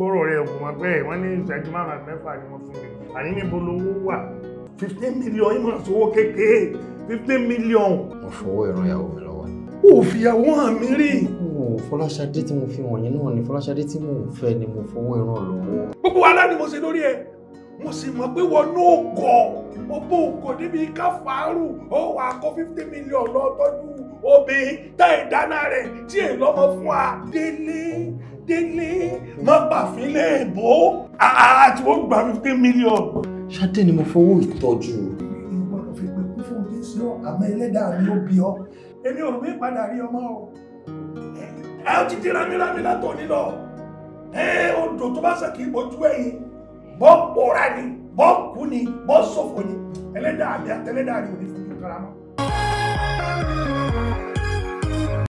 gbọ́rọ̀ rẹ̀ wò wọ́n bẹ́ẹ̀ wọ́n ní ìṣẹ́jú márùn-ún ni wọ́n fún mi àní níbo lówó wà fifteen million yìí máa sọwọ́ kékeré fifteen million. mo fọwọ́ ìran ìyàwó mi lọ́wọ́. o ò fìyàwó hàn mí rí. o fọláṣadé tí mo fi wọ̀nyí náà ni fọláṣadé tí mo fẹ́ ni mo fọwọ́ ìran lọ́wọ́. gbogbo wa láti mo ṣe lórí ẹ mo sì mọ̀ pé wọn náà gọ̀ mo bó níbi káfàárù ó wà kó fifteen million lọ tọ́jú obìnrin tá ìdáná rẹ̀ tí èlọ́mọ fún wa délé má pàfin léèbó àti wọ́n gba fifteen million. ṣáde ni mo fowó ìtọ́jú. ìgbọ́dọ̀ fi pé kún fún ojú sí ọ àmọ́ ẹlẹ́dàá mi ló bí ọ. èmi ò rò pé ìpadà rí ọmọ o ẹ ti di rámírámí látọ̀ nílọ ẹ odò tó bá sàn kì í bójú ẹ̀yìn bọ́ pòórá ni bọ́ kú ni bọ́ ṣòfò ni ẹlẹ́dàá mi àtẹlẹ́dàá mi ò ní fún mi mọ́.